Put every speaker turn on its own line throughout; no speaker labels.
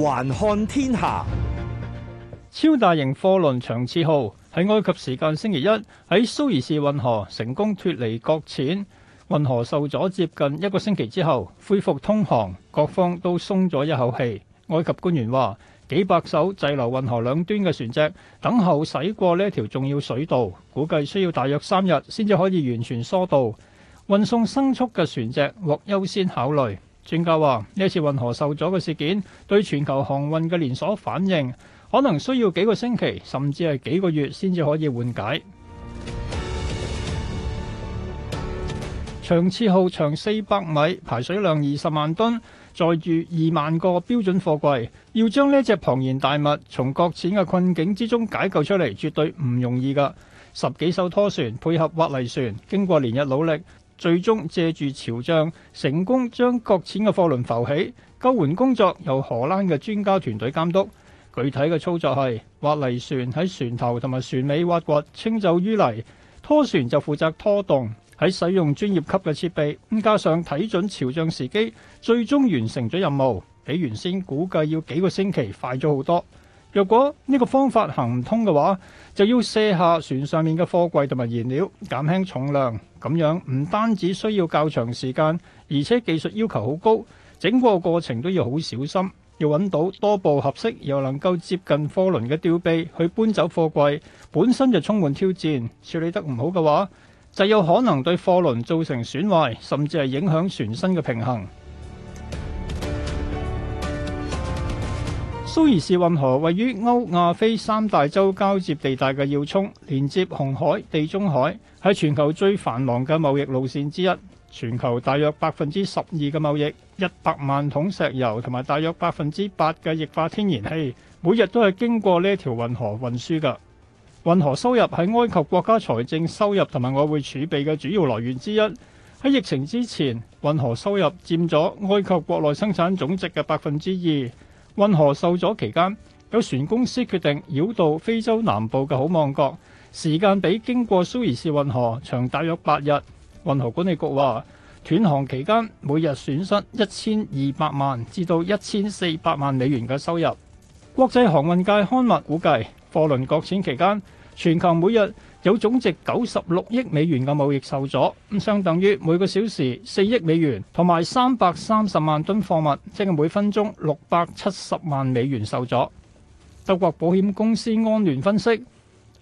環看天下，超大型貨輪長賜號喺埃及時間星期一喺蘇彝士運河成功脫離擱淺，運河受阻接近一個星期之後恢復通航，各方都鬆咗一口氣。埃及官員話，幾百艘滯留運河兩端嘅船隻等候駛過呢條重要水道，估計需要大約三日先至可以完全疏導，運送牲畜嘅船隻獲優先考慮。專家話：呢次運河受阻嘅事件，對全球航運嘅連鎖反應，可能需要幾個星期，甚至係幾個月先至可以緩解。 長賜號長四百米，排水量二十萬噸，載住二萬個標準貨櫃。要將呢隻龐然大物從擱淺嘅困境之中解救出嚟，絕對唔容易㗎。十幾艘拖船配合挖泥船，經過連日努力。最終借住潮漲，成功將擱淺嘅貨輪浮起。救援工作由荷蘭嘅專家團隊監督。具體嘅操作係挖泥船喺船頭同埋船尾挖掘清走淤泥，拖船就負責拖動。喺使用專業級嘅設備，加上睇準潮漲時機，最終完成咗任務，比原先估計要幾個星期快咗好多。如果呢個方法行唔通嘅話，就要卸下船上面嘅貨櫃同埋燃料，減輕重量。咁樣唔單止需要較長時間，而且技術要求好高。整個過程都要好小心，要揾到多部合適又能夠接近貨輪嘅吊臂去搬走貨櫃，本身就充滿挑戰。處理得唔好嘅話，就有可能對貨輪造成損壞，甚至係影響船身嘅平衡。蘇彝士運河位於歐亞非三大洲交接地帶嘅要衝，連接紅海、地中海，係全球最繁忙嘅貿易路線之一。全球大約百分之十二嘅貿易，一百萬桶石油同埋大約百分之八嘅液化天然氣，每日都係經過呢條運河運輸㗎。運河收入係埃及國家財政收入同埋外匯儲備嘅主要來源之一。喺疫情之前，運河收入占咗埃及國內生產總值嘅百分之二。運河受阻期間，有船公司決定繞道非洲南部嘅好望角，時間比經過蘇伊士運河長大約八日。運河管理局話，斷航期間每日損失一千二百萬至到一千四百萬美元嘅收入。國際航運界刊物估計，貨輪擱淺期間，全球每日有總值九十六億美元嘅貿易受阻，咁相等於每個小時四億美元同埋三百三十萬噸貨物，即係每分鐘六百七十萬美元受阻。德國保險公司安聯分析，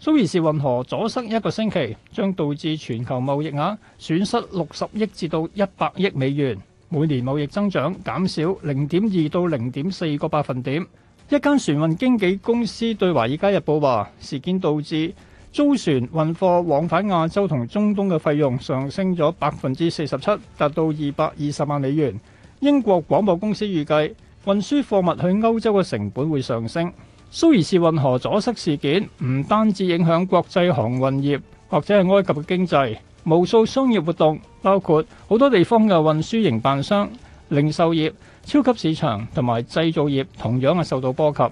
蘇彝士運河阻塞一個星期，將導致全球貿易額損失六十億至到一百億美元，每年貿易增長減少零點二到零點四個百分點。一間船運經紀公司對《華爾街日報》話，事件導致租船運貨往返亞洲同中東嘅費用上升咗百分之四十七，達到二百二十萬美元。英國廣播公司預計運輸貨物去歐洲嘅成本會上升。蘇彝士運河阻塞事件唔單止影響國際航運業，或者係埃及嘅經濟，無數商業活動，包括好多地方嘅運輸營辦商。零售業、超級市場同埋製造業同樣受到波及。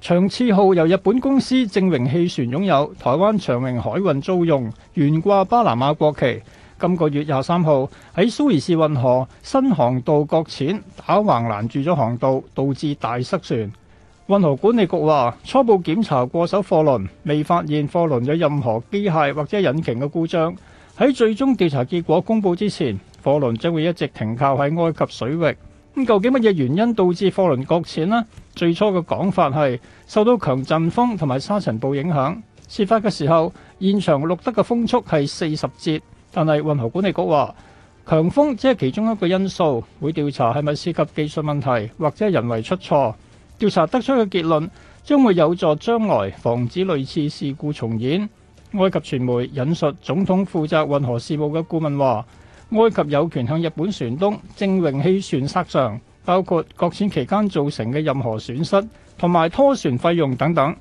長賜號由日本公司正榮汽船擁有，台灣長榮海運租用，懸掛巴拿馬國旗。今個月廿三號喺蘇彝士運河新航道擱淺打橫，攔住咗航道，導致大塞船。運河管理局話初步檢查過手貨輪，未發現貨輪有任何機械或者引擎嘅故障。喺最終調查結果公布之前，貨輪將會一直停靠喺埃及水域。咁、嗯、究竟乜嘢原因導致貨輪擱淺呢？最初嘅講法係受到強陣風同埋沙塵暴影響。事發嘅時候，現場錄得嘅風速係四十節。但係運河管理局話，強風只係其中一個因素，會調查係咪涉及技術問題或者人為出錯。調查得出嘅結論將會有助將來防止類似事故重演。埃及傳媒引述總統負責運河事務嘅顧問話：埃及有權向日本船東正榮汽船索償，包括擱淺期間造成嘅任何損失同埋拖船費用等等。